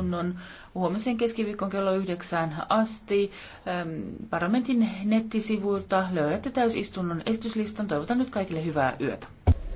lausunnon huomisen keskiviikon kello yhdeksään asti. Parlamentin nettisivuilta löydätte täysistunnon esityslistan. Toivotan nyt kaikille hyvää yötä.